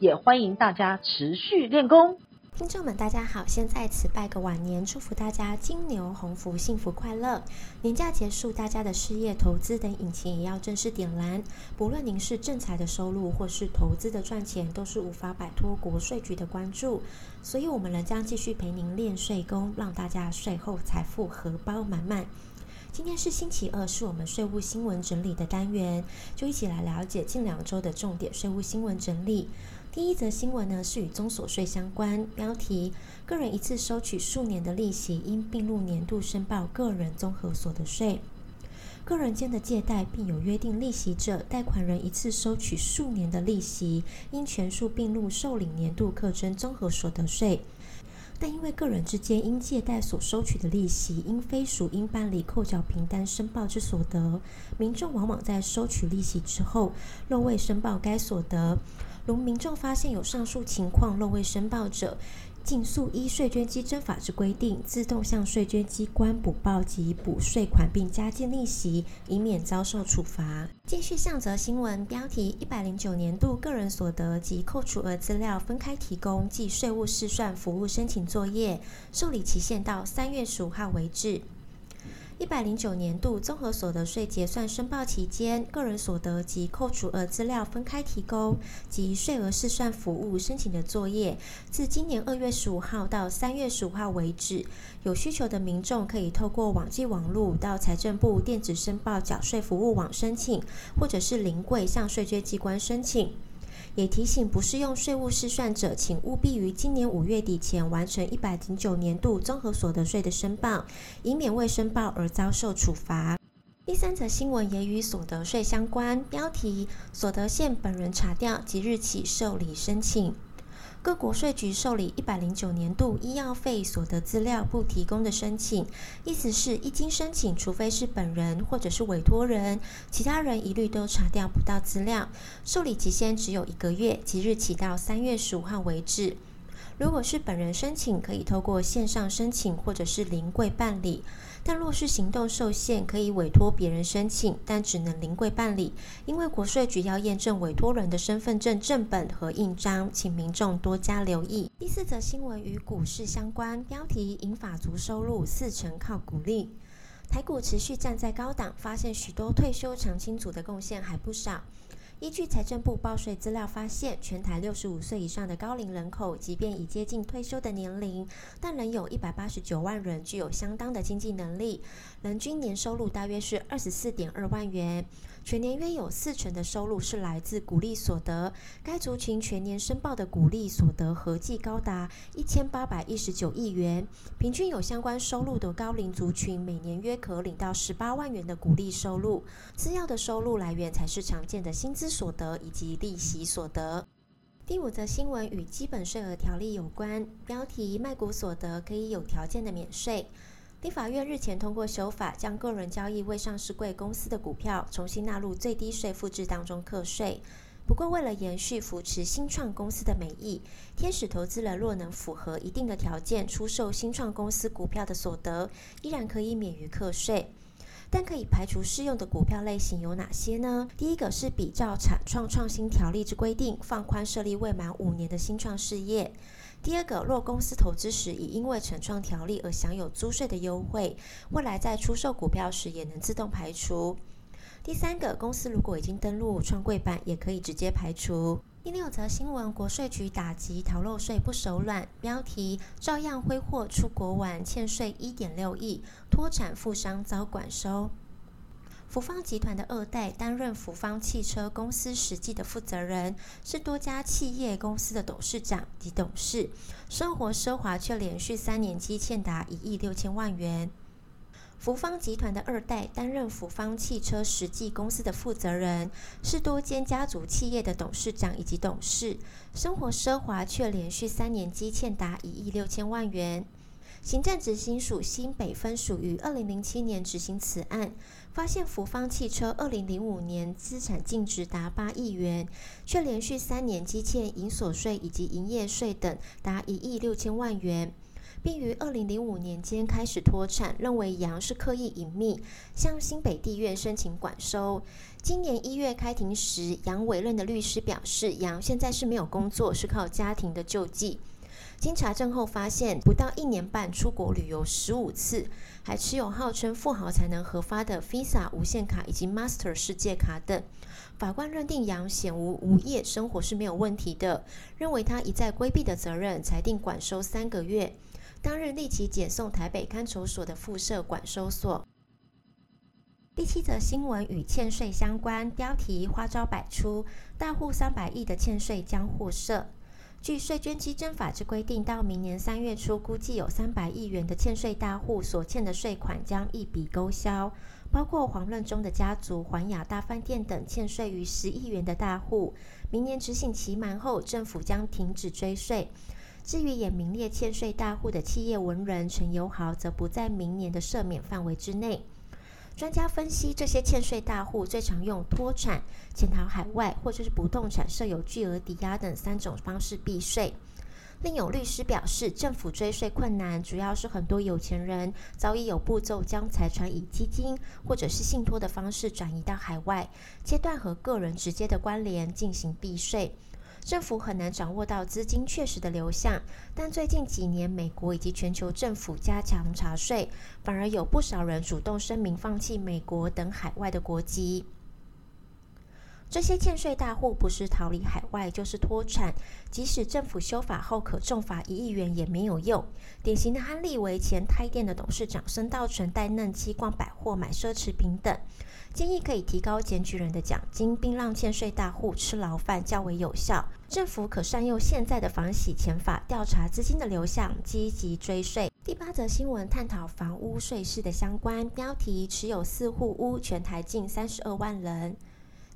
也歡迎大家持續練功。聽眾們，大家好，先在此拜個晚年，祝福大家金牛鴻福，幸福快樂。年假結束，大家的事業、投資等引擎也要正式點燃。不論您是正財的收入，或是投資的賺錢，都是無法擺脫國稅局的關注。所以，我們仍將繼續陪您練稅功，讓大家稅後財富荷包滿滿。今天是星期二，是我們稅務新聞整理的單元，就一起來了解近兩周的重點稅務新聞整理。第一則新聞呢是與綜所稅相關，標題：個人一次收取數年的利息應併入年度申報個人綜合所得稅。個人間的借貸並有約定利息者，貸款人一次收取數年的利息，應全數併入受領年度課徵綜合所得稅。但因為個人之間因借貸所收取的利息，應非屬應辦理扣繳憑單申報之所得，民眾往往在收取利息之後若未申報該所得。如民眾發現有上述情況漏未申報者，盡速依稅捐稽徵法之規定，自動向稅捐機關補報及補稅款，並加計利息，以免遭受處罰。繼續向則新聞標題：一百零九年度個人所得及扣除額資料分開提供，及稅務試算服務申請作業受理期限到三月十五號為止。一百零九年度綜合所得稅結算申報期間，個人所得及扣除額資料分開提供及稅額試算服務申請的作業，自今年二月十五號到三月十五號為止，有需求的民眾可以透過網際網路到財政部電子申報繳稅服務網申請，或者是臨櫃向稅捐機關申請。也提醒不適用稅務試算者，請務必於今年五月底前完成一百零九年度綜合所得稅的申報，以免未申報而遭受處罰。第三則新聞也與所得稅相關，標題：所得稅本人查調即日起受理申請。各國稅局受理一百零九年度醫藥費所得資料不提供的申請，意思是，一經申請，除非是本人或者是委託人，其他人一律都查調不到資料。受理期限只有一個月，即日起到三月十五號為止。如果是本人申請，可以透過線上申請或者是臨櫃辦理。但若是行動受限，可以委托別人申請，但只能臨櫃辦理，因為國稅局要驗證委托人的身份證正本和印章，請民眾多加留意。第四則新聞與股市相關，標題：引法族收入四成靠股利，台股持續站在高檔，發現許多退休常青族的貢獻還不少。依據財政部報稅資料發現，全台六十五歲以上的高齡人口，即便已接近退休的年齡，但仍有一百八十九萬人具有相當的經濟能力，人均年收入大約是二十四點二萬元。全年約有四成的收入是來自股利所得，該族群全年申報的股利所得合計高達一千八百一十九億元，平均有相關收入的高齡族群每年約可領到十八萬元的股利收入。次要的收入來源才是常見的薪資所得以及利息所得。第五則新聞與基本稅額條例有關，標題：賣股所得可以有條件的免稅。立法院日前通過修法，將個人交易未上市櫃公司的股票重新納入最低稅負制當中課稅。不過，為了延續扶持新創公司的美意，天使投資人若能符合一定的條件，出售新創公司股票的所得，依然可以免於課稅。但可以排除適用的股票類型有哪些呢？第一個是比照產創創新條例之規定，放寬設立未滿五年的新創事業。第二個，若公司投資時已因為產創條例而享有租稅的優惠，未來在出售股票時也能自動排除。第三個，公司如果已經登錄創櫃板，也可以直接排除。第六則新聞，國稅局打擊逃漏稅不手軟，標題：照樣揮霍出國玩，欠稅一點六億，脫產富商遭管收。福方集團的二代擔任福方汽車公司實際的負責人，是多家企業公司的董事長及董事，生活奢華卻連續三年積欠達一億六千萬元。福方集團的二代擔任福方汽車實際公司的負責人，是多間家族企業的董事長以及董事，生活奢華卻連續三年積欠達一億六千萬元。行政執行署新北分署於二零零七年執行此案，發現福方汽車二零零五年資產淨值達八億元，卻連續三年積欠營所稅以及營業稅等達一億六千萬元，並於二零零五年間開始脫產，認為楊是刻意隱匿，向新北地院申請管收。今年一月開庭時，楊委任的律師表示，楊現在是沒有工作，是靠家庭的救濟。經查證後發現，不到一年半出國旅遊十五次，還持有號稱富豪才能核發的 Visa 無限卡以及 Master 世界卡等。法官認定楊顯無無業，生活是沒有問題的，認為他一再規避的責任，裁定管收三個月。當日立即解送台北看守所的附設管收所。第七則新聞與欠稅相關，標題花招百出，大戶三百億的欠稅將獲赦。據稅捐稽徵法之規定，到明年三月初，估計有三百億元的欠稅大戶所欠的稅款將一筆勾銷，包括黃任中的家族、環亞大飯店等欠稅逾十億元的大戶。明年執行期滿後，政府將停止追稅。至於也名列欠稅大戶的企業聞人陳由豪，則不在明年的赦免範圍之內。專家分析，這些欠稅大戶最常用脫產、潛逃海外，或者是不動產設有巨額抵押等三種方式避稅。另有律師表示，政府追稅困難，主要是很多有錢人早已有步驟將財產以基金或者是信託的方式轉移到海外，切斷和個人直接的關聯，進行避稅。政府很難掌握到資金確實的流向，但最近幾年，美國以及全球政府加強查稅，反而有不少人主動聲明放棄美國等海外的國籍。這些欠稅大戶不是逃離海外，就是脫產。即使政府修法後可重罰一億元也沒有用。典型的案例為前太電的董事長孫道存帶嫩妻逛百貨買奢侈品等。建議可以提高檢舉人的獎金，並讓欠稅大戶吃牢飯較為有效。政府可善用現在的防洗錢法調查資金的流向，積極追稅。第八則新聞探討房屋稅事的相關標題：持有四戶屋，全台近三十二萬人。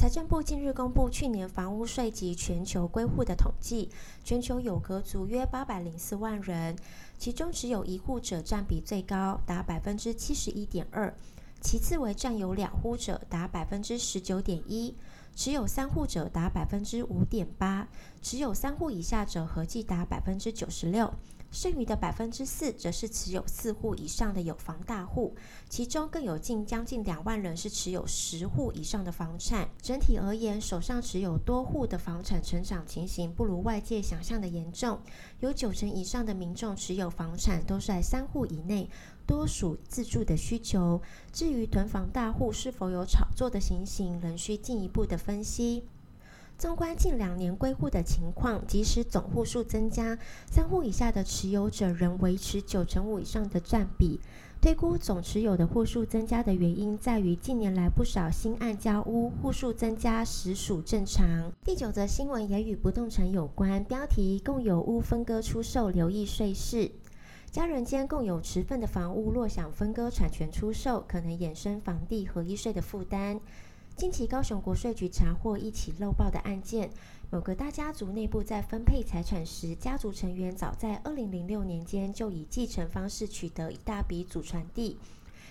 財政部近日公布去年房屋稅及全球歸戶的統計，全球有殼族約八百零四萬人，其中持有一戶者佔比最高達百分之七十一點二，其次為佔有兩戶者達百分之十九點一，持有三戶者達百分之五點八，持有三戶以下者合計達百分之九十六。剩餘的百分之四，則是持有四戶以上的有房大戶，其中更有近將近兩萬人是持有十戶以上的房產。整體而言，手上持有多戶的房產成長情形，不如外界想象的嚴重。有九成以上的民眾持有房產都在三戶以內，多屬自住的需求。至於囤房大戶是否有炒作的情形，仍需進一步的分析。縱觀近兩年歸戶的情況，即使總戶數增加，三戶以下的持有者仍維持九成五以上的占比。推估總持有的戶數增加的原因，在於近年來不少新案交屋，戶數增加實屬正常。第九則新聞也與不動產有關，標題：共有屋分割出售，留意稅事。家人間共有持分的房屋，若想分割產權出售，可能衍生房地合一稅的負擔。近期高雄國稅局查獲一起漏報的案件，某個大家族內部在分配財產時，家族成員早在二零零六年間就以繼承方式取得一大筆祖傳地，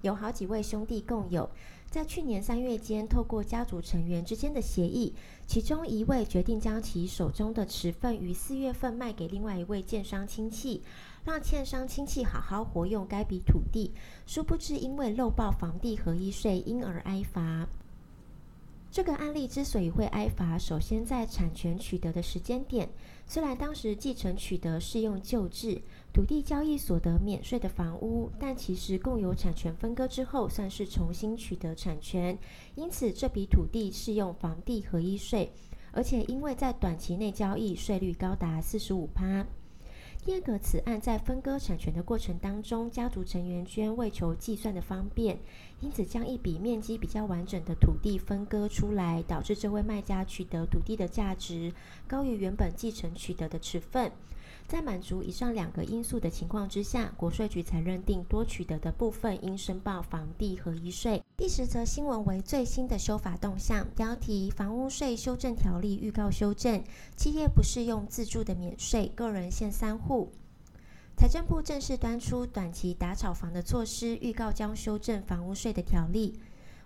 有好幾位兄弟共有。在去年三月間，透過家族成員之間的協議，其中一位決定將其手中的持份於四月份賣給另外一位建商親戚，讓建商親戚好好活用該筆土地。殊不知，因為漏報房地合一稅，因而挨罰。這個案例之所以會挨罰，首先在產權取得的時間點，雖然當時繼承取得適用舊制土地交易所得免稅的房屋，但其實共有產權分割之後算是重新取得產權，因此這筆土地適用房地合一稅，而且因為在短期內交易，稅率高達四十五趴。第二個，此案在分割產權的過程當中，家族成員間為求計算的方便，因此將一筆面積比較完整的土地分割出來，導致這位賣家取得土地的價值高於原本繼承取得的持分。在滿足以上兩個因素的情況之下，國稅局才認定多取得的部分應申報房地合一稅。第十則新聞為最新的修法動向，標題：房屋稅修正條例預告修正，企業不適用自住的免稅，個人限三戶。財政部正式端出短期打炒房的措施，預告將修正房屋稅的條例。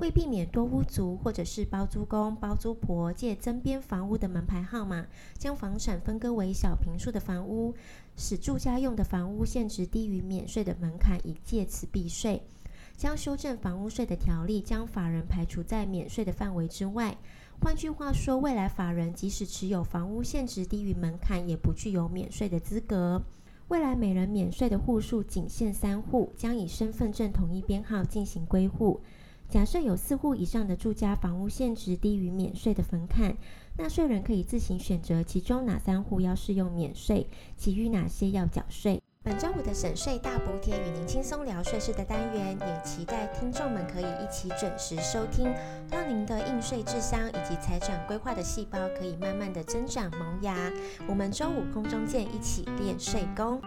為避免多屋族或者是包租公、包租婆借增編房屋的門牌號碼，將房產分割為小坪數的房屋，使住家用的房屋現值低於免稅的門檻，以借此避稅。將修正房屋稅的條例，將法人排除在免稅的範圍之外。換句話說，未來法人即使持有房屋現值低於門檻，也不具有免稅的資格。未來每人免稅的戶數僅限三戶，將以身份證統一編號進行歸戶。假設有四戶以上的住家房屋現值低於免稅的門檻，納稅人可以自行選擇其中哪三戶要適用免稅，其餘哪些要繳稅。本周五的省稅大補帖與您輕鬆聊稅事的單元，也期待聽眾們可以一起準時收聽，讓您的應稅智商以及財產規劃的細胞可以慢慢的增長萌芽。我們周五空中見，一起練稅功。